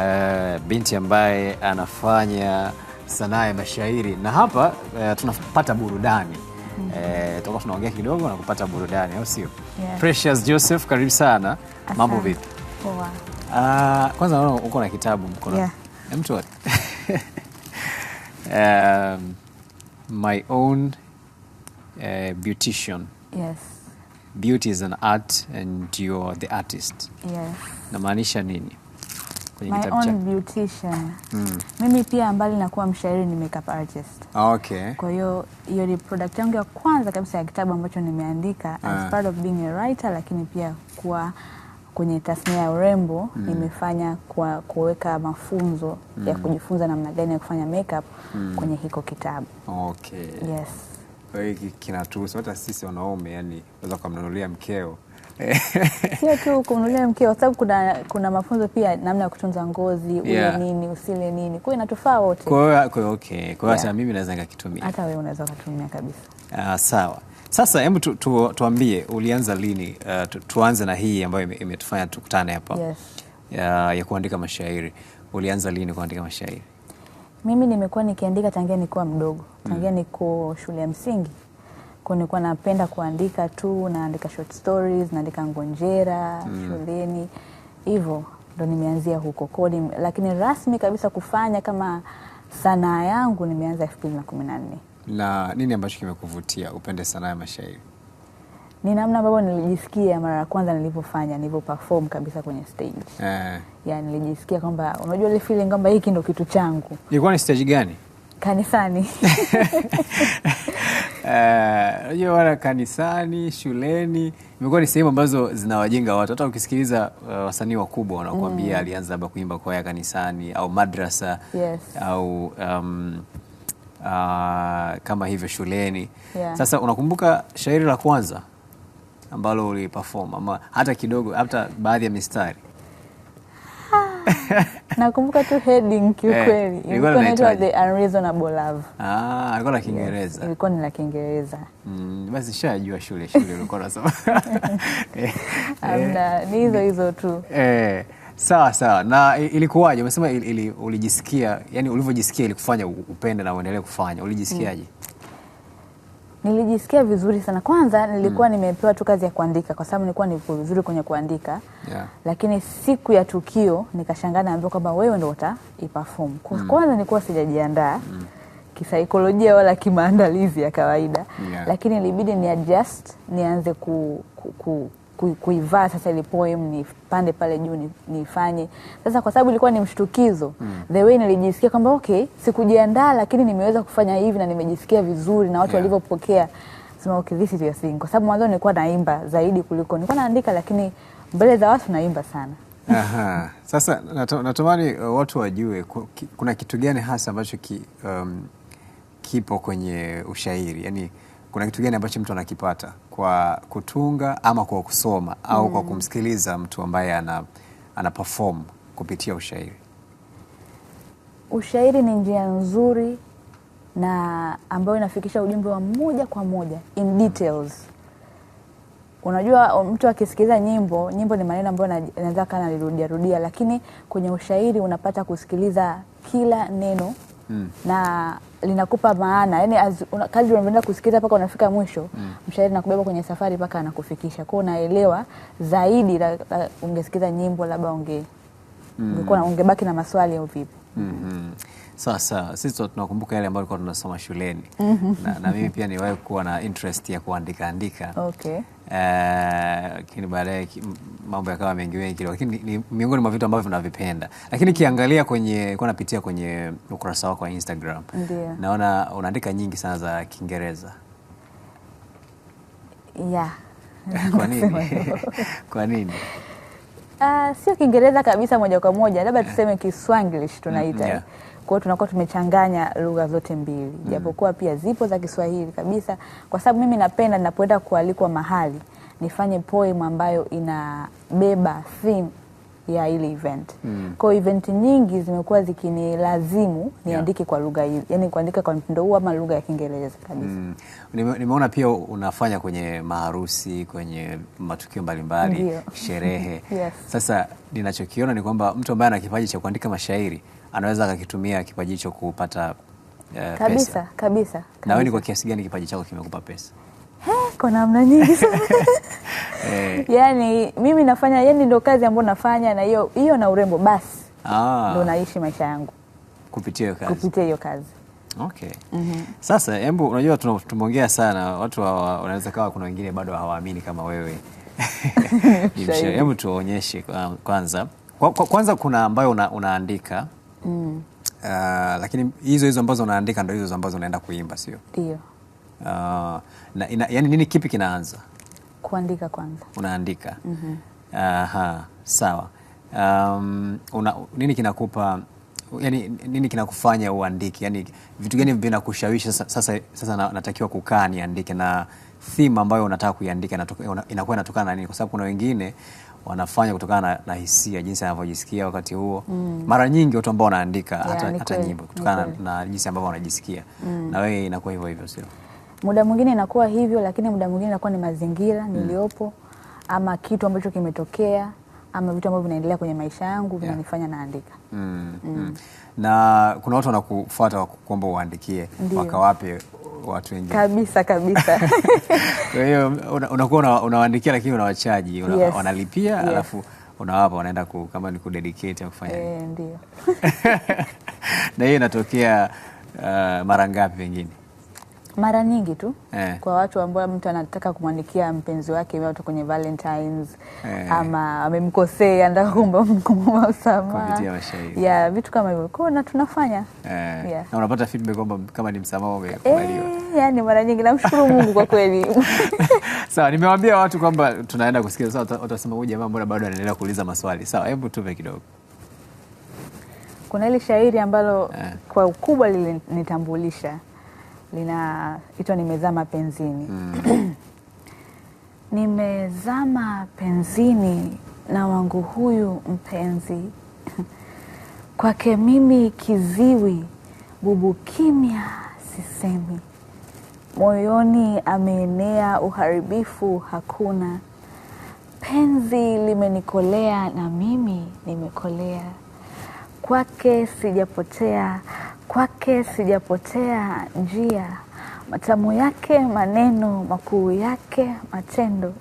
Eh, binti ambaye anafanya sanaa ya mashairi na hapa uh, tunapata burudani mm -hmm. uh, eh, toka tunaongea kidogo na kupata burudani au sio? Yeah. Precious Joseph, karibu sana. Mambo vipi? Poa. Uh, kwanza naona uko na kitabu mkononi. Yeah. Mtu um, my own uh, beautician. Yes. Beauty is an art and you're the artist. Yes. Namaanisha nini? kwenye kitabu chako? My own beautician. Hmm. Mimi pia mbali na kuwa mshairi ni makeup artist. Ah, okay. Kwa hiyo hiyo ni product yangu ya kwanza kabisa ya kitabu ambacho nimeandika As ah. part of being a writer lakini pia kuwa kwenye tasnia ya urembo mm. Nimefanya kwa kuweka mafunzo mm. ya hmm. kujifunza namna gani ya kufanya makeup mm. kwenye hiko kitabu. Okay. Yes. Kwa hiyo kinatuhusu hata sisi wanaume, yani unaweza kumnunulia mkeo Eh. sio tu kumnunulia mke, kwa sababu kuna, kuna mafunzo pia namna ya kutunza ngozi, ule yeah. nini usile nini, kwa hiyo inatufaa wote. Kwa hiyo okay, kwa hiyo yeah. mimi naweza nikakitumia, hata wewe unaweza kutumia kabisa. Uh, sawa sasa hebu tu, tu, tuambie ulianza lini? Uh, tu, tuanze na hii ambayo imetufanya tukutane hapa yes. ya, ya kuandika mashairi, ulianza lini kuandika mashairi? Mimi nimekuwa nikiandika tangia nikuwa mdogo, tangia mm. niko shule ya msingi kwa nilikuwa napenda kuandika tu, naandika short stories, naandika ngonjera mm. shuleni hivyo ndo nimeanzia huko kodi, lakini rasmi kabisa kufanya kama sanaa yangu nimeanza elfu mbili na kumi na nne. Na nini ambacho kimekuvutia upende sanaa ya mashairi? Ni namna ambavyo nilijisikia mara ya kwanza nilivyofanya, nilivyo perform kabisa kwenye stage eh. Yani nilijisikia kwamba unajua ile feeling kwamba hiki ndo kitu changu. Ilikuwa ni stage gani? Kanisani Eh, unajua wana kanisani, shuleni imekuwa ni sehemu ambazo zinawajenga watu. Hata ukisikiliza uh, wasanii wakubwa wanakuambia mm. alianza labda kuimba kwaya kanisani au madrasa yes. au um, uh, kama hivyo shuleni yeah. Sasa unakumbuka shairi la kwanza ambalo uliperform ama hata kidogo, hata baadhi ya mistari Nakumbuka tu heading kiukweli. Eh, ilikuwa inaitwa The Unreasonable Love. Ah, alikuwa la Kiingereza. Ilikuwa ni la Kiingereza. Mm, basi shajua shule shule ulikuwa unasoma. Amna, eh, eh. ni hizo hizo tu. Eh. Sawa sawa. Na ilikuwaje? Umesema ulijisikia, yani ulivyojisikia ilikufanya upende na uendelee kufanya. Ulijisikiaje? Mm. Nilijisikia vizuri sana. Kwanza nilikuwa mm. nimepewa tu kazi ya kuandika kwa sababu nilikuwa niko vizuri kwenye kuandika yeah. Lakini siku ya tukio nikashangaa, naambiwa kwamba wewe ndio mm. Kwanza nilikuwa sijajiandaa mm. kisaikolojia wala kimaandalizi ya kawaida yeah. Lakini ilibidi ni adjust nianze ku, ku, ku kuivaa sasa ile poem pande pale juu nifanye. Sasa kwa sababu ilikuwa ni mshtukizo mm. the way nilijisikia kwamba okay, sikujiandaa lakini nimeweza kufanya hivi na nimejisikia vizuri na watu yeah. walivyopokea sema okay, this is your thing, kwa sababu mwanzo nilikuwa naimba zaidi kuliko nilikuwa naandika, lakini mbele za watu naimba sana. Aha. Sasa natamani uh, watu wajue kuna kitu gani hasa ambacho ki, um, kipo kwenye ushairi yani kuna kitu gani ambacho mtu anakipata kwa kutunga ama kwa kusoma au kwa mm. kumsikiliza mtu ambaye ana, ana perform kupitia ushairi? Ushairi ni njia nzuri na ambayo inafikisha ujumbe wa moja kwa moja in details. Unajua, mtu akisikiliza nyimbo, nyimbo ni maneno ambayo naweza kaa nalirudiarudia, lakini kwenye ushairi unapata kusikiliza kila neno Mm. na linakupa maana yani, kadri unavyoenda kusikiliza mpaka unafika mwisho mm. mshairi nakubeba kwenye safari mpaka anakufikisha kwao, unaelewa zaidi. La, la, ungesikiza nyimbo labda unge mm. ungebaki na maswali au vipi? mm -hmm. Sawa sawa, sisi tunakumbuka yale ambayo tulikuwa tunasoma shuleni mm -hmm. na, na mimi pia niwahi kuwa na interest ya kuandika andika okay. uh, baadaye mambo yakawa mengi mengi lakini ni miongoni mwa vitu ambavyo tunavipenda. Lakini kiangalia kwenye kwa napitia kwenye ukurasa wako wa Instagram Ndiyo. naona unaandika nyingi sana za Kiingereza yeah. kwa nini? kwa nini? Uh, sio Kiingereza kabisa moja kwa moja, labda eh. tuseme Kiswanglish tunaita mm -hmm. yeah kwao tunakuwa tumechanganya lugha zote mbili mm. Japokuwa pia zipo za Kiswahili kabisa, kwa sababu mimi napenda ninapoenda kualikwa mahali nifanye poem ambayo inabeba theme ya ile event. Mm. kwao event nyingi zimekuwa zikinilazimu niandike yeah, kwa lugha hii. yani kuandika kwa mtindo huu ama lugha ya Kiingereza kabisa. Mm. Nimeona pia unafanya kwenye maharusi, kwenye matukio mbalimbali, sherehe. Yes. Sasa ninachokiona ni kwamba mtu ambaye ana kipaji cha kuandika mashairi anaweza akakitumia kipaji hicho kupata uh, eh, kabisa, pesa. Kabisa, kabisa. Na wewe kwa kiasi gani kipaji chako kimekupa pesa? kwa namna nyingi sana. Eh. Yani mimi nafanya yani ndio kazi ambayo nafanya na hiyo hiyo na urembo basi. Ah. Ndio naishi maisha yangu. Kupitia hiyo kazi. Kupitia hiyo kazi. Okay. Mm -hmm. Sasa hebu unajua tumeongea sana watu wanaweza kawa kuna wengine bado hawaamini kama wewe. Hebu tuonyeshe um, kwanza. Kwanza kuna ambayo una, unaandika Uh, lakini hizo hizo ambazo unaandika ndo hizo ambazo unaenda kuimba, sio ndio? Uh, na ina, yani nini, kipi kinaanza? Kuandika kwanza, unaandika mm -hmm. Aha, sawa. Um, una, nini kinakupa yani, nini kinakufanya uandike? Yani vitu gani vinakushawishi sasa, sasa, sasa natakiwa kukaa niandike, na theme ambayo unataka kuiandika inakuwa inatokana na nini? Kwa sababu kuna wengine wanafanya kutokana na, na hisia jinsi anavyojisikia wakati huo mm. Mara nyingi watu ambao wanaandika yeah, hata, hata nyimbo kutokana na jinsi ambavyo wanajisikia mm. Na wewe inakuwa hivyo hivyo, sio? Muda mwingine inakuwa hivyo, lakini muda mwingine inakuwa ni mazingira niliyopo, mm. ama kitu ambacho kimetokea ama vitu ambavyo vinaendelea kwenye maisha yangu vinanifanya yeah. naandika mm, mm. Mm. na kuna watu wanakufuata kwamba uandikie, wapi watu wengine kabisa kabisa. Kwa hiyo unakuwa una, unawaandikia lakini unawachaji una, yes. wanalipia yes. alafu unawapa wanaenda ku, kama ni kudedicate au kufanya eh, ndio. na hiyo inatokea uh, mara ngapi pengine? mara nyingi tu eh, kwa watu ambao mtu anataka kumwandikia mpenzi wake watu kwenye Valentines eh, ama amemkosea anataka kuomba msamaha ya vitu kama hivyo kwao, na tunafanya eh, yeah. Na unapata feedback kwamba kama ni msamaha umekubaliwa eh, yani mara nyingi namshukuru Mungu kwa kweli sawa. Nimewaambia watu kwamba tunaenda kusikia sawa, watasema huyu jamaa mbona bado anaendelea kuuliza maswali. Sawa, hebu tupe kidogo kuna ile shairi ambalo eh, kwa ukubwa lilinitambulisha linaitwa Nimezama Penzini. mm. Nimezama penzini na wangu huyu mpenzi kwake mimi kiziwi, bubu kimya sisemi, moyoni ameenea uharibifu hakuna, penzi limenikolea na mimi nimekolea, kwake sijapotea kwake sijapotea njia, matamu yake maneno, makuu yake matendo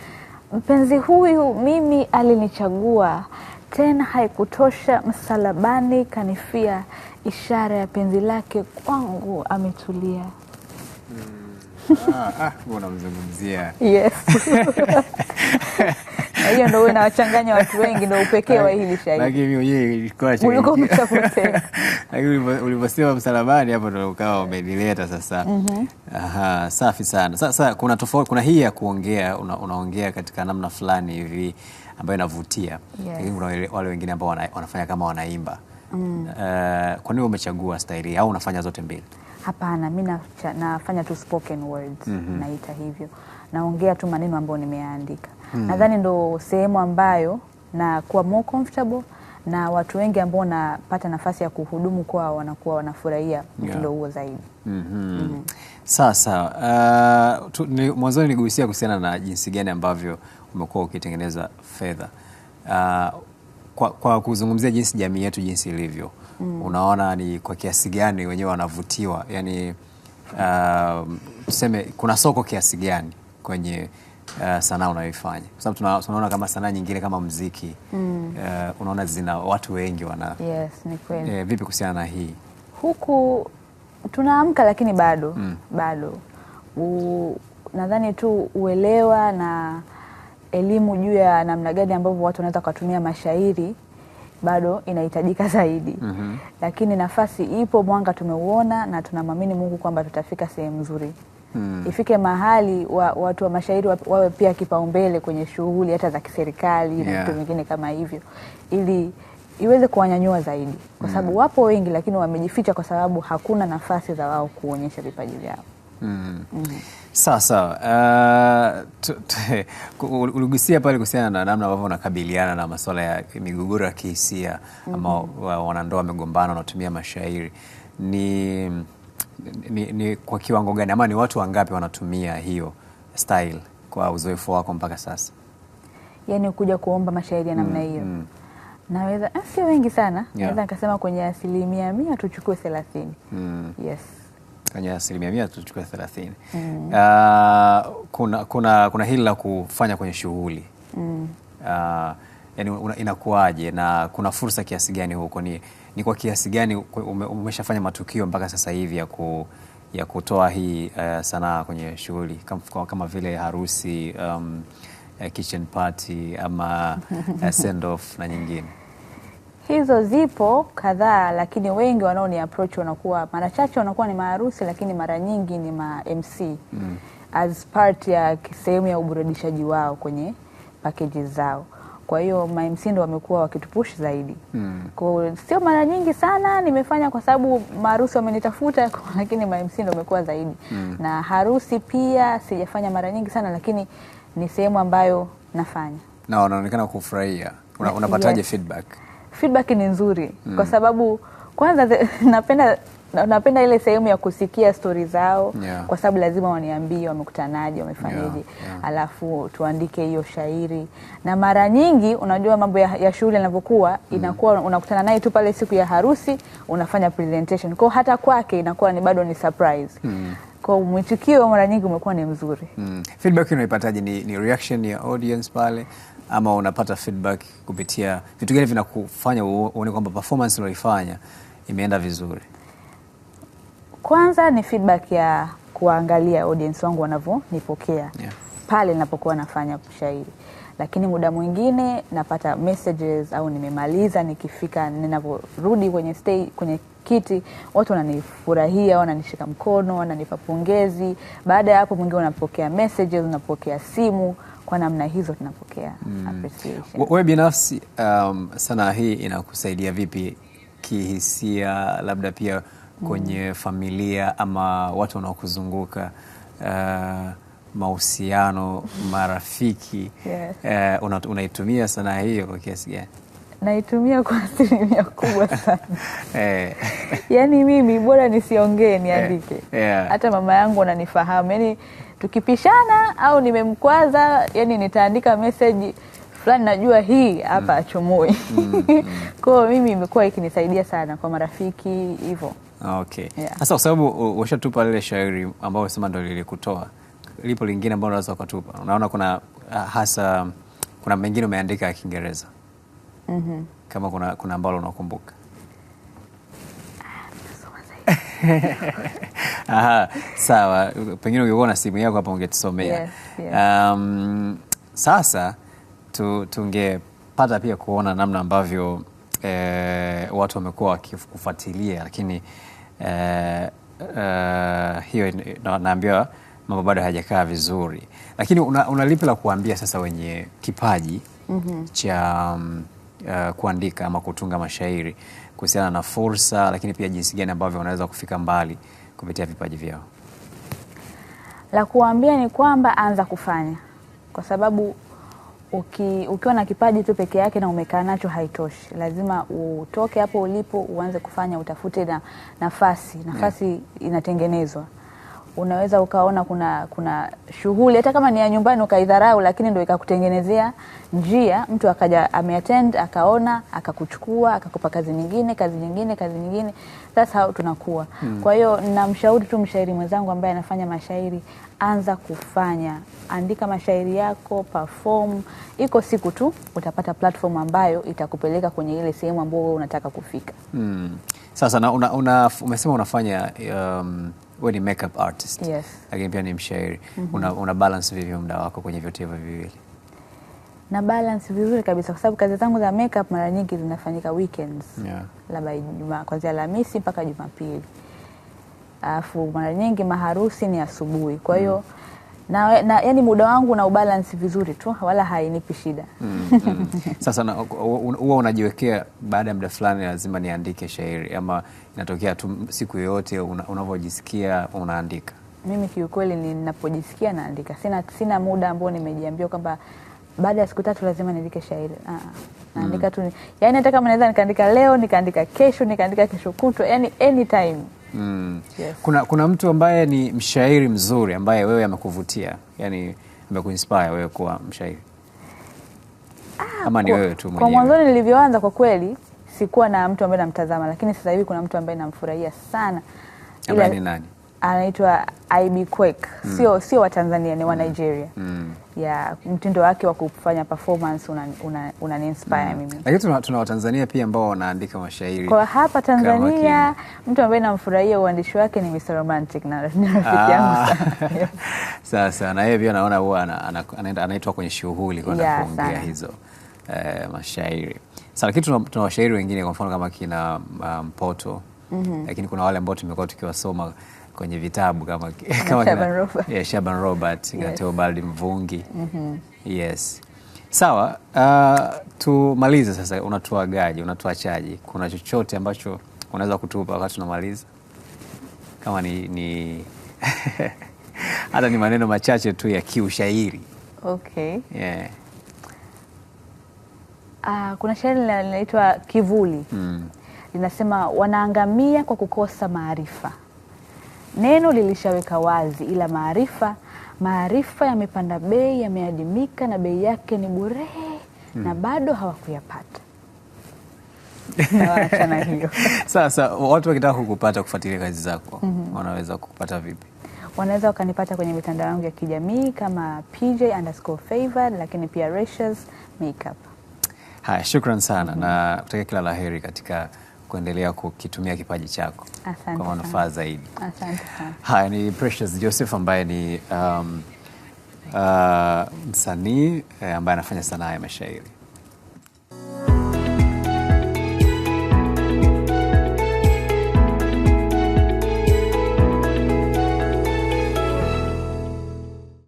mpenzi huyu mimi alinichagua, tena haikutosha, msalabani kanifia, ishara ya penzi lake kwangu ametulia. Hmm. Ah, ah, unamzungumzia? Yes. hiyo ndo inawachanganya watu wengi, ndo upekee wa hili shairi. Lakini ulivyosema msalabani hapo ndo ukawa umenileta sasa. Mhm. Aha, safi sana. Sasa kuna tofauti, kuna hii ya kuongea, unaongea katika namna fulani hivi ambayo inavutia, lakini kuna wale wengine ambao wanafanya kama wanaimba. Mm. Eh, kwa nini umechagua staili au unafanya zote mbili? Hapana, mi nafanya tu spoken words, mhm. naita hivyo, naongea tu maneno ambayo nimeandika hmm. Nadhani ndo sehemu ambayo nakuwa more comfortable na watu wengi ambao wanapata nafasi ya kuhudumu kwao wanakuwa wanafurahia mtindo huo zaidi. mm -hmm. mm -hmm. Sasa uh, ni, mwanzoni nigusia kuhusiana na jinsi gani ambavyo umekuwa ukitengeneza fedha uh, kwa, kwa kuzungumzia jinsi jamii yetu jinsi ilivyo mm. Unaona ni kwa kiasi gani wenyewe wanavutiwa, yani uh, tuseme kuna soko kiasi gani kwenye Eh, sanaa unayoifanya kwa sababu tunaona kama sanaa nyingine kama mziki mm. uh, unaona zina watu wengi wana yes, ni kweli. Uh, vipi kuhusiana na hii huku tunaamka lakini bado mm. bado nadhani tu uelewa na elimu juu ya namna gani ambavyo watu wanaweza kutumia mashairi bado inahitajika zaidi. mm -hmm. Lakini nafasi ipo, mwanga tumeuona, na tunamwamini Mungu kwamba tutafika sehemu nzuri hmm. Ifike mahali wa, watu wa mashairi wawe pia kipaumbele kwenye shughuli hata za kiserikali yeah. na vitu vingine kama hivyo ili iweze kuwanyanyua zaidi, kwa sababu hmm. wapo wengi lakini wamejificha kwa sababu hakuna nafasi za wao kuonyesha vipaji vyao. Mm. Sawa Uh, uligusia pale kuhusiana na namna ambavyo unakabiliana na masuala ya migogoro ya kihisia ama mm -hmm. wanandoa wamegombana wanatumia mashairi ni ni, ni kwa kiwango gani ama ni watu wangapi wanatumia hiyo style kwa uzoefu wako mpaka sasa? Yaani kuja kuomba mashairi ya namna mm, hiyo mm, mm. Naweza ah, sio wengi sana yeah. Naweza nikasema kwenye asilimia mia tuchukue thelathini mm. Yes, kwenye asilimia mia tuchukue thelathini mm. Uh, kuna, kuna, kuna hili la kufanya kwenye shughuli mm. Uh, ah, yani inakuwaje na kuna fursa kiasi gani huko ni ni kwa kiasi gani ume, umeshafanya matukio mpaka sasa hivi ya, ku, ya kutoa hii uh, sanaa kwenye shughuli kama, kama vile harusi um, uh, kitchen party ama eh, uh, send off na nyingine? Hizo zipo kadhaa, lakini wengi wanaoni approach wanakuwa mara chache wanakuwa ni maharusi, lakini mara nyingi ni ma MC mm. as part ya sehemu ya uburudishaji wao kwenye packages zao kwa hiyo MMC ndo wamekuwa wakitupush zaidi mm. Kwa sio mara nyingi sana nimefanya, kwa sababu maharusi wamenitafuta, lakini MMC ndo wamekuwa zaidi mm. Na harusi pia sijafanya mara nyingi sana, lakini ni sehemu ambayo nafanya na wanaonekana kufurahia. Unapataje? Yes. Feedback, feedback ni nzuri mm. Kwa hmm. sababu kwanza napenda napenda ile sehemu ya kusikia stori zao yeah. Kwa sababu lazima waniambie wamekutanaje, wamefanyaje yeah. yeah. Alafu tuandike hiyo shairi, na mara nyingi unajua mambo ya, ya shughuli yanavyokuwa mm-hmm. inakuwa mm. Unakutana naye tu pale siku ya harusi, unafanya presentation kwao, hata kwake inakuwa ni bado ni surprise mm. Kwa mwitikio mara nyingi umekuwa ni mzuri mm. Feedback unaipataje? Ni, ni reaction ya audience pale ama unapata feedback kupitia vitu gani vinakufanya uone kwamba performance unaoifanya imeenda vizuri? Kwanza ni feedback ya kuangalia audience wangu wanavyonipokea yeah. pale ninapokuwa nafanya shairi, lakini muda mwingine napata messages au nimemaliza, nikifika, ninavyorudi kwenye stay, kwenye kiti watu wananifurahia, wananishika mkono, wananipa pongezi. Baada ya hapo mwingine unapokea messages, unapokea simu kwa namna hizo tunapokea mm. appreciation. Wewe binafsi um, sanaa hii inakusaidia vipi kihisia, labda pia kwenye mm. familia ama watu wanaokuzunguka uh, mahusiano, marafiki yes. Uh, unaitumia sanaa hiyo kwa kiasi gani? Naitumia kwa asilimia kubwa sana eh. Yaani mimi bora nisiongee eh, niandike yeah. Hata mama yangu ananifahamu, yaani tukipishana au nimemkwaza, yani nitaandika meseji fulani, najua hii hapa mm. achomoi. mm. mm. Kwa mimi imekuwa ikinisaidia sana kwa marafiki hivyo. Ah, okay. Yeah. kwa sababu washatupa lile shairi ambao sema ndio lilikutoa, lipo lingine ambao unaweza ukatupa. Unaona kuna ah, hasa kuna mengine umeandika ya Kiingereza. mm -hmm. Kama kuna, kuna ambalo unakumbuka ah, Aha, sawa, pengine ungekuwa na simu yako hapa ungetusomea. yes, yes. Um, sasa tu, tungepata pia kuona namna ambavyo eh, watu wamekuwa wakikufuatilia lakini eh, eh, hiyo naambiwa mambo bado hayajakaa vizuri, lakini una, una lipi la kuambia sasa wenye kipaji mhm. mm -hmm. cha um, uh, eh, kuandika ama kutunga mashairi kuhusiana na fursa, lakini pia jinsi gani ambavyo wanaweza kufika mbali kupitia vipaji vyao? La kuambia ni kwamba anza kufanya, kwa sababu uki, ukiwa na kipaji tu peke yake na umekaa nacho haitoshi, lazima utoke hapo ulipo uanze kufanya, utafute na nafasi. Nafasi mm. inatengenezwa unaweza ukaona kuna kuna shughuli hata kama ni ya nyumbani ukaidharau, lakini ndo ikakutengenezea njia, mtu akaja ameattend akaona akakuchukua akakupa kazi nyingine kazi nyingine kazi nyingine. That's how tunakuwa hmm. Kwa hiyo namshauri tu mshairi mwenzangu ambaye anafanya mashairi, anza kufanya, andika mashairi yako, perform. Iko siku tu utapata platform ambayo itakupeleka kwenye ile sehemu ambayo unataka kufika hmm. Sasa na una, una, umesema unafanya um we ni makeup artist yes, lakini pia ni mshairi mm -hmm. Una, una balance vivi muda wako kwenye vyote hivyo viwili? Na balance vizuri kabisa, kwa sababu kazi zangu za makeup mara nyingi zinafanyika weekends yeah, labda Ijumaa kuanzia Alhamisi mpaka Jumapili, alafu mara nyingi maharusi ni asubuhi, kwa hiyo mm na, na yani muda wangu na ubalansi vizuri tu, wala hainipi shida mm, mm. Sasa huwa unajiwekea baada ya muda fulani, lazima niandike shairi ama inatokea tu siku yoyote unavyojisikia una unaandika? Mimi kiukweli, ninapojisikia naandika, sina, sina muda ambao nimejiambia kwamba baada ya siku tatu lazima niandike shairi ah, naandika mm. tu, yani hata kama naweza nikaandika leo nikaandika kesho nikaandika kesho kutwa, yani anytime mm. yes. Kuna, kuna mtu ambaye ni mshairi mzuri ambaye wewe amekuvutia, yani amekuinspire wewe kuwa mshairi ah, ama ni wewe tu mwenyewe? Kwa mwanzoni nilivyoanza, kwa kweli sikuwa na mtu ambaye namtazama, lakini sasa hivi kuna mtu ambaye namfurahia sana. Ila, ni nani? Anaitwa IB Kwek, mm. sio mm. sio wa Tanzania, ni wa mm. Nigeria mm ya mtindo wake wa kufanya performance una, una, mm. mimi. Lakini tuna Watanzania pia ambao wanaandika mashairi kwa hapa Tanzania. Mtu ambaye namfurahia uandishi wake ni Mr. Romantic na rafiki yangu ah. sasa, na yeye pia naona huwa anaitwa kwenye shughuli kwenda kuongea hizo eh, mashairi sasa. Lakini tuna, tuna washairi wengine kwa mfano kama kina um, Mpoto um, mm -hmm. Lakini kuna wale ambao tumekuwa tukiwasoma kwenye vitabu kama, kama Shaban, Robert. Yeah, Shaban Robert yes. Mvungi mm -hmm. Yes, sawa. Uh, tumalize sasa, unatuagaje? Unatuachaje? kuna chochote ambacho unaweza kutupa wakati tunamaliza, kama ni, ni hata ni maneno machache tu ya kiushairi okay. Yeah. Uh, kuna shairi linaloitwa Kivuli mm. linasema wanaangamia kwa kukosa maarifa Neno lilishaweka wazi, ila maarifa maarifa yamepanda bei, yameadimika na bei yake ni bure hmm. na bado hawakuyapata. Nawaachana hiyo sasa. Watu wakitaka kukupata kufuatilia kazi zako mm -hmm. wanaweza kukupata vipi? Wanaweza wakanipata kwenye mitandao yangu ya kijamii kama PJ underscore favored, lakini pia Rachels Makeup. Haya, shukran sana mm -hmm. na kutakia kila laheri katika kuendelea kukitumia kipaji chako kwa manufaa zaidi. Haya ni Precious Joseph ambaye ni um, uh, msanii eh, ambaye anafanya sanaa ya mashairi.